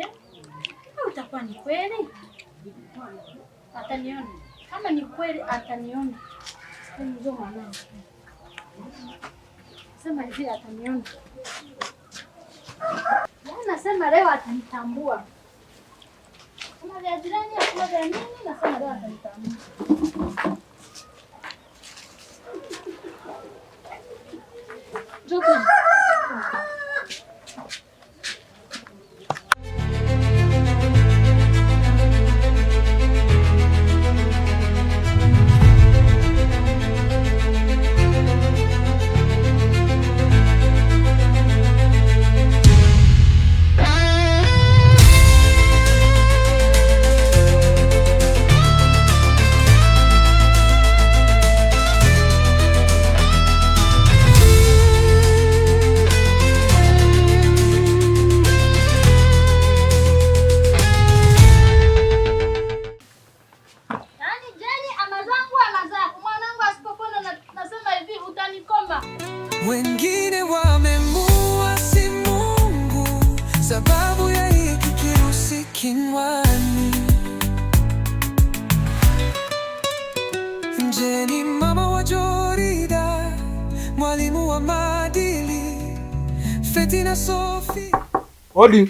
yake au itakuwa ni kweli? Ataniona kama ni kweli, ataniona mzo mwanangu, sema hivi, ataniona nasema leo atanitambua, kama vya jirani, hakuna vya nini, nasema leo atanitambua. Odi.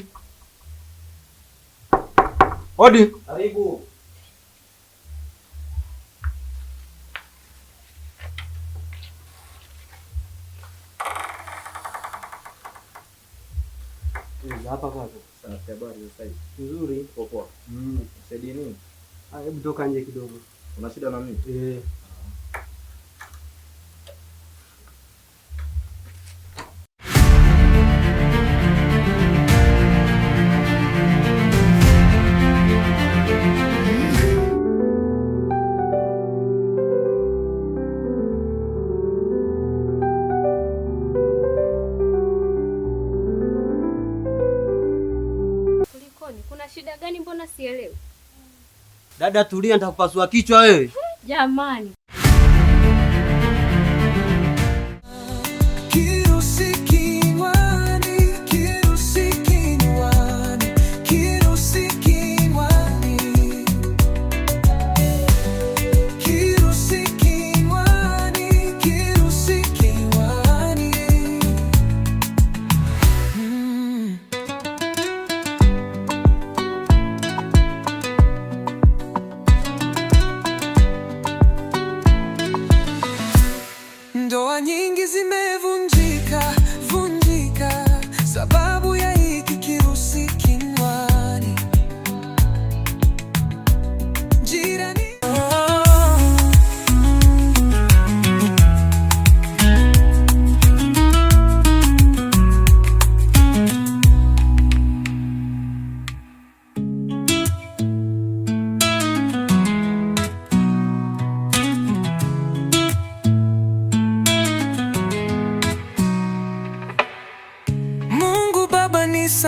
Odi. Karibu. Hapa kapo. Safi, habari za sasa? Nzuri. Poa poa. Mm. Saidie nini? Ah, hebu toka nje kidogo. Una shida na mimi? Eh. shida gani? Mbona sielewi. Dada tulia, nitakupasua kichwa wewe. Jamani,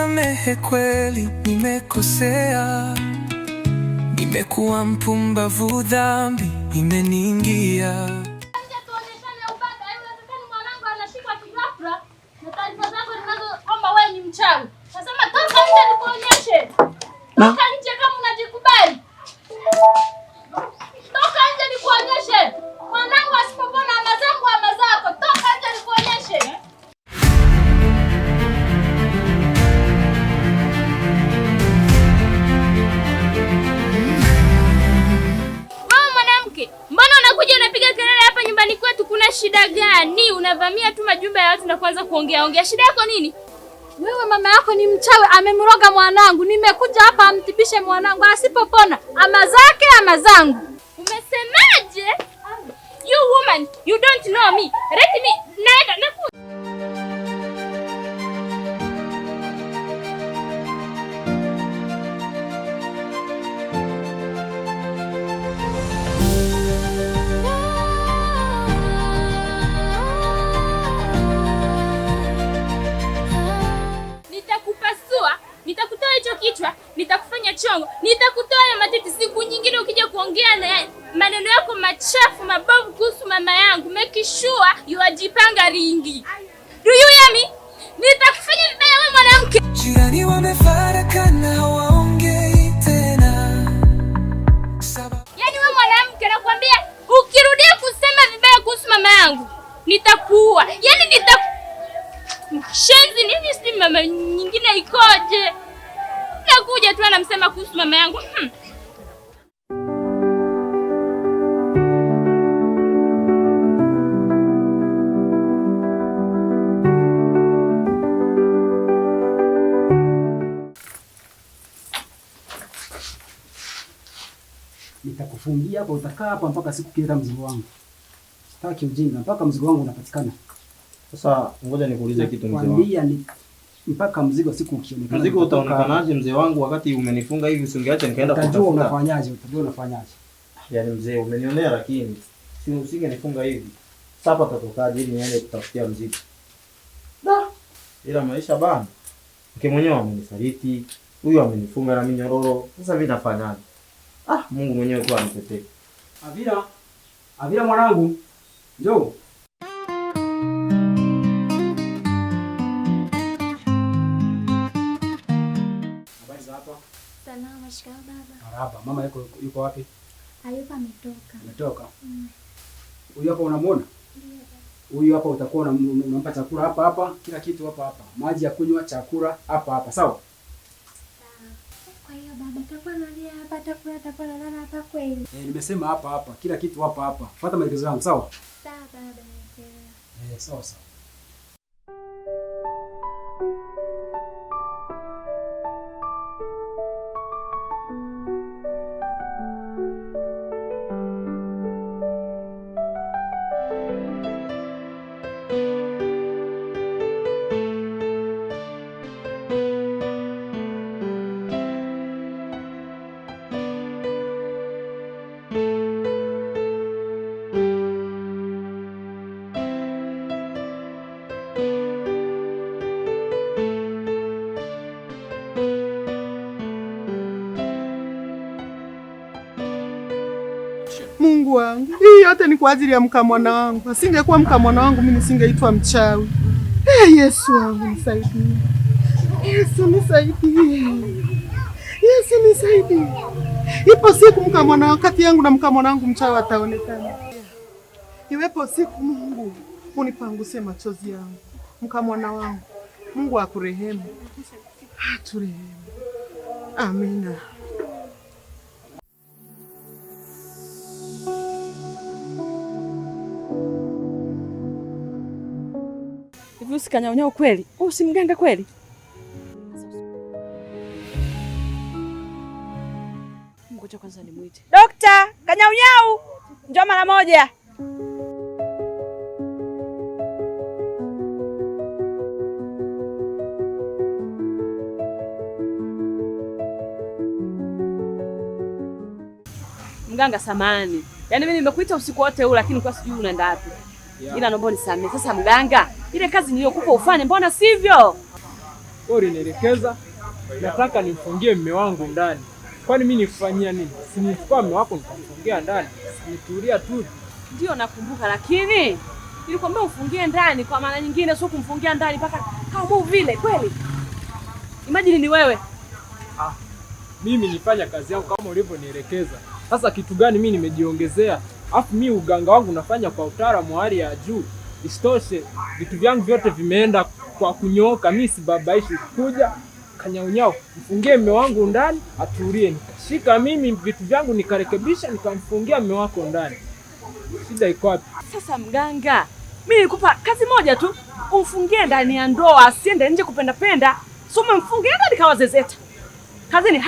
nisamehe, kweli nimekosea, nimekuwa mpumbavu, dhambi imeniingia. unavamia tu majumba ya watu na kuanza kuongea ongea. Shida yako nini? Wewe mama yako ni mchawi, amemroga mwanangu. Nimekuja hapa amtibishe mwanangu, asipopona ama zake ama zangu. Umesemaje? You woman, you don't know me. Let me hicho kichwa, nitakufanya chongo, nitakutoa ya matiti. Siku nyingine ukija kuongea na maneno yako machafu mabovu kuhusu mama yangu, make sure you jipanga ringi. Do you hear me? Nitakufanya vibaya wewe mwanamke. Jirani wamefarakana hawaongei tena. Yaani wewe mwanamke, nakwambia ukirudia kusema vibaya kuhusu mama yangu nitakuua. Yaani nita shenzi nini, si mama nyingine ikoje? kuja tu anamsema kuhusu mama yangu hmm. Nitakufungia hapo, utakaa hapa mpaka siku kileta mzigo wangu. Sitaki ujinga mpaka mzigo wangu unapatikana. Sasa ngoja nikuulize kitu mzee wangu mpaka mzigo siku ukionekana. Mzigo utaonekanaje mzee wangu, wakati umenifunga hivi? Usingeacha nikaenda kutafuta. Utajua unafanyaje, utajua unafanyaje. Yaani mzee umenionea, lakini si usinge nifunga hivi. Sasa utatokaje ili niende kutafutia mzigo? Da. Ila maisha bana. Mke mwenyewe amenisaliti, huyu amenifunga na minyororo. Sasa vipi nafanyaje? Ah, Mungu mwenyewe tu anitetee. Avira. Avira mwanangu. Njoo. haba. Mama yuko yuko wapi? Hayupo, ametoka. Ametoka. Mm. Huyu hapa unamuona? Huyu hapa utakuwa unampa chakula hapa hapa, kila kitu hapa hapa. Maji ya kunywa, chakula hapa hapa. Sawa? Ah, eh, nimesema hapa hapa, kila kitu hapa hapa. Fuata maelekezo yangu, sawa? Sawa baba. Eh, sawa sawa. Mungu wangu, hii yote ni kwa ajili ya mkamwana wangu. Asingekuwa mkamwana wangu mimi nisingeitwa mchawi. Hey, eh, Yesu wangu nisaidie. Yesu nisaidie. Yesu nisaidie. Ipo siku mkamwana kati yangu na mkamwana wangu mchawi ataonekana. Iwepo siku Mungu unipanguse machozi yangu. Mkamwana wangu Mungu akurehemu, aturehemu. Amina. Hivi usikanyaunyao kweli? mganga kweli? Ngoja kwanza nimwite dokta. Kanyaunyau, njoo mara moja. Mganga, samani, yaani mimi nimekuita usiku wote huu, lakini kwa sijui unaenda wapi, ila naomba unisamehe sasa mganga ile kazi niliyokupa ufanye, mbona sivyo? Ulinielekeza, nataka nimfungie mme wangu ndani. Kwani mimi nikufanyia nini? Sinichukua mme wako nikamfungia ndani, nitulia tu. Ndio nakumbuka, lakini nilikwambia ufungie ndani, kwa maana nyingine sio kumfungia ndani mpaka kama vile kweli. Imagine ni wewe. Ah, mimi nifanya kazi yangu kama ulivyonielekeza. Sasa kitu gani mimi nimejiongezea? Afu mimi uganga wangu nafanya kwa utaalamu wa hali ya juu. Isitoshe, vitu vyangu vyote vimeenda kwa kunyooka, mi sibabaishi kuja kanyaunyao, mfungie mme wangu ndani atulie. Nikashika mimi vitu vyangu nikarekebisha, nikamfungia mme wako ndani. Shida iko wapi sasa? Mganga, Mimi nikupa kazi moja tu, umfungie ndani ya ndoa, asiende nje kupendapenda. So umemfungia ndani kawazezeta, kazi ni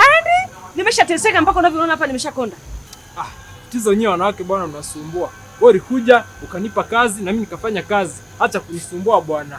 Nimeshateseka mpaka unavyoona hapa, nimeshakonda. Ah, tizo nyewe wanawake bwana, mnasumbua wewe ulikuja ukanipa kazi na mimi nikafanya kazi, acha kunisumbua bwana.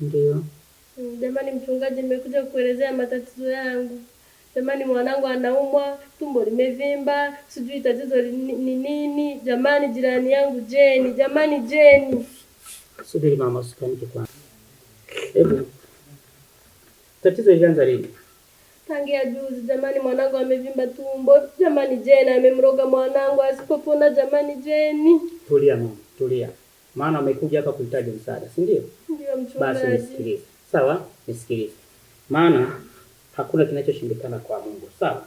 Ndio. Jamani mchungaji, nimekuja kuelezea matatizo yangu. Jamani mwanangu anaumwa, tumbo limevimba, sijui tatizo ni nini. Jamani jirani yangu Jeni, jamani Jeni. Subiri mama, usikanike kwanza. Hebu. Tatizo ilianza lini? Tangia juzi jamani, mwanangu amevimba tumbo. Jamani Jeni amemroga mwanangu asipopona, jamani Jeni. Tulia mama, tulia maana wamekuja hapa kuhitaji msaada, si ndio? Basi nisikilize, sawa? Nisikilize, maana hakuna kinachoshindikana kwa Mungu, sawa?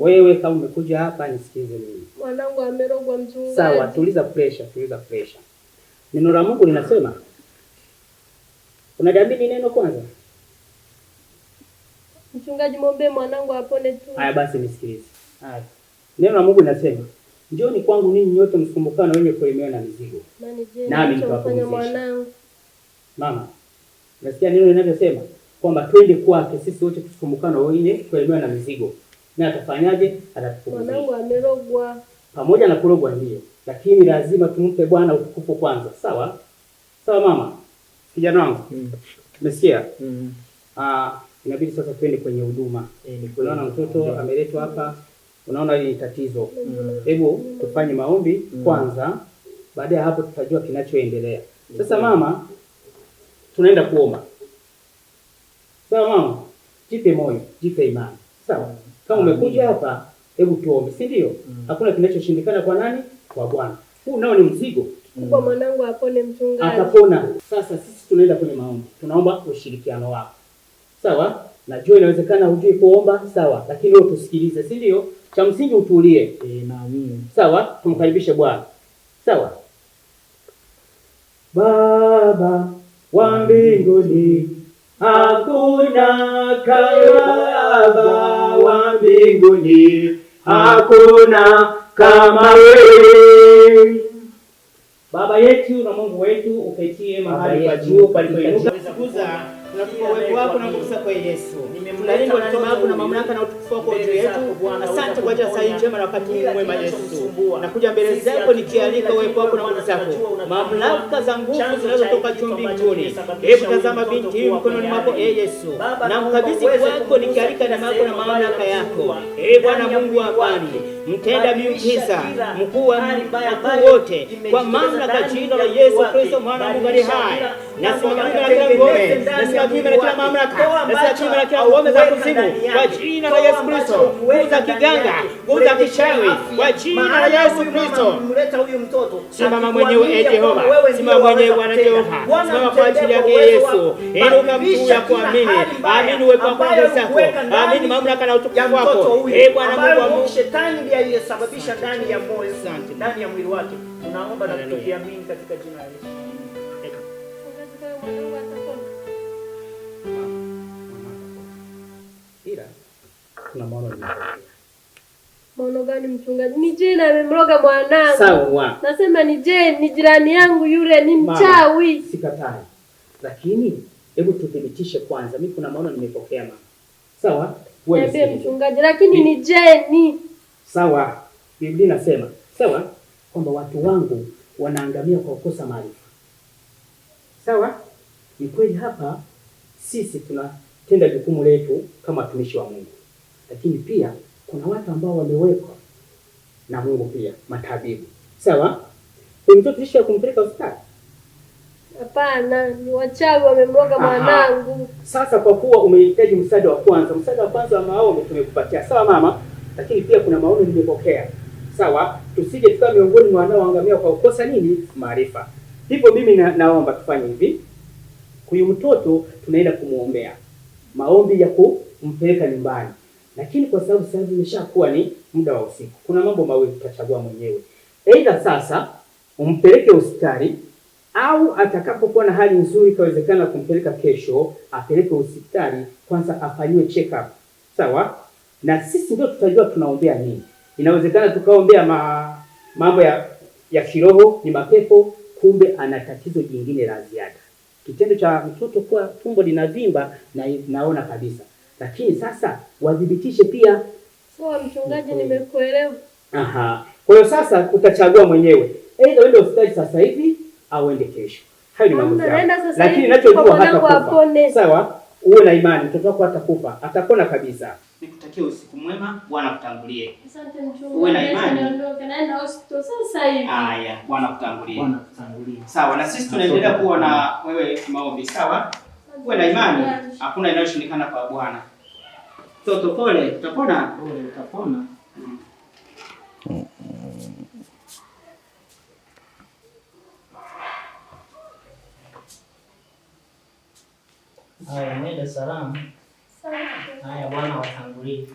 Wewe kama umekuja hapa, nisikilize mimi. Mwanangu amerogwa mchungaji. Sawa, tuliza pressure, tuliza pressure. Neno la Mungu linasema ni neno kwanza. Mchungaji, mwombe mwanangu apone tu. Haya basi, nisikilize. Haya, neno la Mungu linasema Njoni kwangu ninyi nyote msumbukao na wenye kulemewa na mizigo, nami nitawapumzisha. Mama, nasikia neno linavyosema kwamba twende kwake sisi wote tusumbukao na wenye kulemewa na mizigo, na atafanyaje? Atatupumzisha. Mwanangu amerogwa, pamoja na kurogwa ndio, lakini lazima tumpe Bwana utukufu kwanza. Sawa sawa, mama, kijana wangu, mm. umesikia? mm. mm. inabidi sasa twende kwenye huduma. E, ni mtoto ameletwa hapa Unaona hili ni tatizo. Mm. Hebu mm. tufanye maombi mm. kwanza, baada ya hapo tutajua kinachoendelea. Sasa mm. mama, tunaenda kuomba. Sawa mama, jipe moyo, jipe imani. Sawa, kama umekuja hapa, hebu tuombe, si ndio? mm. hakuna kinachoshindikana kwa nani? Kwa Bwana. Huu nao ni mzigo mm. kwa mwanangu, apone mchungaji, atapona. Sasa sisi tunaenda kwenye maombi, tunaomba ushirikiano wako. Sawa, najua inawezekana hujui kuomba, sawa, lakini wewe tusikilize, si ndio? cha msingi utulie. E, Sawa, tumkaribishe Bwana. Sawa. Baba wa mbinguni, hakuna kama Baba wa mbinguni, hakuna kama wewe. Baba yetu na Mungu wetu, uketie mahali pa juu palipoinuka wako na kukusa kwa Yesu. Tunalindwa na na mamlaka na utukufu wako juu yetu. Asante kwa ajili saa hii njema na wakati mwema Yesu. Nakuja mbele zako nikialika uwepo wako na nguvu zako. Mamlaka za nguvu zinazotoka juu mbinguni. Hebu tazama binti hii mkononi mwako ee Yesu. Na mkabidhi kwako nikialika neema yako na mamlaka yako. e Bwana Mungu wa amani, mtenda miujiza, mkuu wa mkuu wote kwa mamlaka jina la Yesu Kristo mwana wa Mungu hai. Na kila ngome na kiume na kila mamlaka na kila kiume na kila ngome za kuzimu kwa jina la Yesu Kristo, nguvu za kiganga, nguvu za kichawi kwa jina la Yesu Kristo. Simama mwenyewe e Jehova, simama mwenyewe Bwana Jehova, simama kwa ajili yake Yesu, inuka mkuu ya kuamini, amini uwepo wako na nguvu zako, amini mamlaka na utukufu wako, e Bwana Mungu wa Mungu. Shetani ndiye aliyesababisha ndani ya moyo, ndani ya mwili wake, tunaomba na tukiamini katika jina la Yesu. Kuna maono nimefanya. Maono gani mchungaji? Ni Jane amemroga mwanangu. Sawa. Nasema ni Jane, ni jirani yangu yule, ni mchawi. Sikatai. Lakini hebu tuthibitishe kwanza. Mimi kuna maono nimepokea mama. Sawa? Wewe niambie mchungaji, lakini ni Jane. Sawa. Biblia inasema, sawa? Kwamba watu wangu wanaangamia kwa kukosa maarifa. Sawa? Ni kweli hapa sisi tunatenda jukumu letu kama watumishi wa Mungu lakini pia kuna watu ambao wamewekwa na Mungu pia matabibu. Sawa, huyu mtoto isha kumpeleka hospitali? Hapana, ni wachawi wamemroga mwanangu. Sasa kwa kuwa umehitaji msaada wa kwanza, msaada wa kwanza wa maombi tumekupatia, sawa mama, lakini pia kuna maono nimepokea. Sawa, tusije tukawa miongoni mwa wanaoangamia kwa kukosa nini? Maarifa. Hivyo mimi na, naomba tufanye hivi, huyu mtoto tunaenda kumwombea maombi ya kumpeleka nyumbani lakini kwa sababu sasa imeshakuwa ni muda wa usiku, kuna mambo mawili tutachagua mwenyewe, aidha sasa umpeleke hospitali au atakapokuwa na hali nzuri, kawezekana kumpeleka kesho, apeleke hospitali kwanza afanyiwe check up, sawa? Na sisi ndio tutajua tunaombea nini. Inawezekana tukaombea ma, mambo ya ya kiroho, ni mapepo, kumbe ana tatizo jingine la ziada. Kitendo cha mtoto kuwa tumbo linavimba na naona kabisa lakini sasa wadhibitishe pia. Sawa mchungaji, nimekuelewa. Aha, kwa hiyo sasa utachagua mwenyewe, aidha uende hospitali sasa hivi au uende kesho. Hayo ni maamuzi yako, lakini ninachojua hatakufa. Sawa, uwe na imani, mtoto wako atakufa, atapona kabisa. Nikutakia usiku mwema, Bwana kutangulie. Asante mchungaji, uwe na imani. Naenda hospitali sasa hivi. Haya, Bwana kutangulie. Bwana kutangulie. Sawa, na sisi tunaendelea kuwa na wewe maombi. Sawa, uwe na imani, hakuna inayoshindikana kwa Bwana. Toto, pole, utapona? Pole, utapona. Haya, nenda salamu. Haya, Bwana watangulie.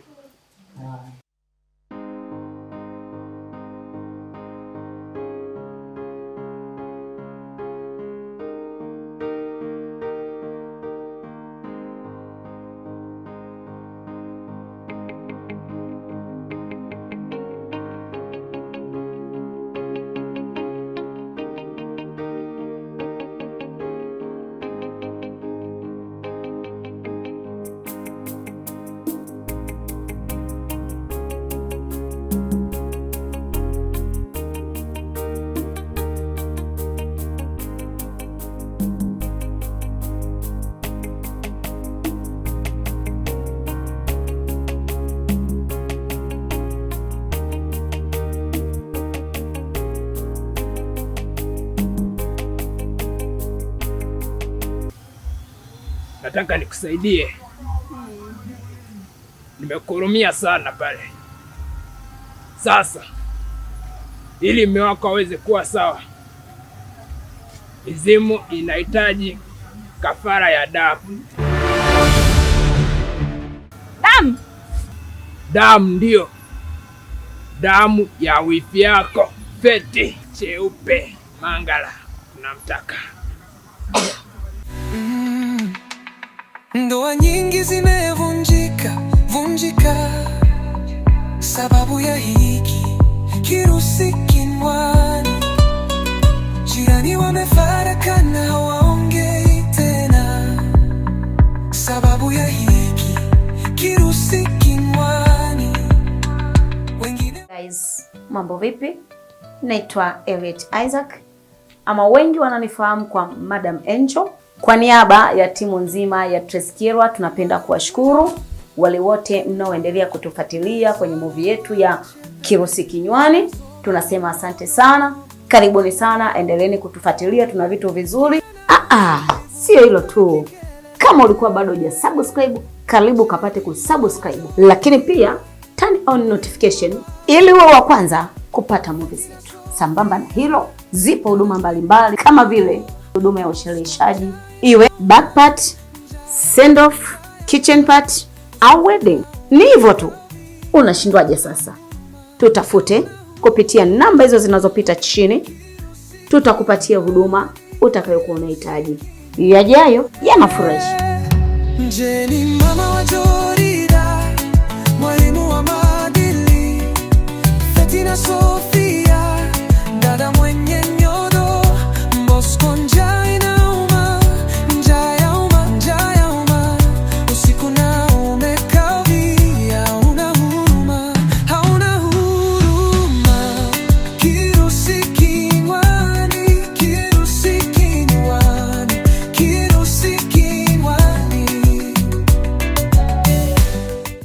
nataka nikusaidie. Nimekuhurumia sana pale. Sasa ili mume wako aweze kuwa sawa, mizimu inahitaji kafara ya damu. Damu? Damu, ndio. damu ya wifi yako Feti Cheupe Mangala namtaka Ndoa nyingi zimevunjika vunjika sababu ya hiki kirusi kinwani. Jirani wamefarakana hawaongei tena sababu ya hiki kirusi kinwani. Wengine... Guys, mambo vipi? Naitwa Elliot Isaac ama wengi wananifahamu kwa Madam Angel. Kwa niaba ya timu nzima ya Treskirwa tunapenda kuwashukuru wale wote mnaoendelea kutufuatilia kwenye movie yetu ya Kirusi Kinywani. Tunasema asante sana, karibuni sana, endeleeni kutufuatilia, tuna vitu vizuri. Ah, ah sio hilo tu, kama ulikuwa bado huja subscribe, karibu kapate kusubscribe, lakini pia turn on notification ili uwe wa kwanza kupata movie zetu. Sambamba na hilo, zipo huduma mbalimbali kama vile huduma ya ucheleweshaji, iwe back part, send off, kitchen part au wedding. Ni hivyo tu. Unashindwaje sasa? Tutafute kupitia namba hizo zinazopita chini, tutakupatia huduma utakayokuwa unahitaji. Yajayo yanafurahisha. Je, ni mama wa Jorida, mwalimu wa maadili, Fetina so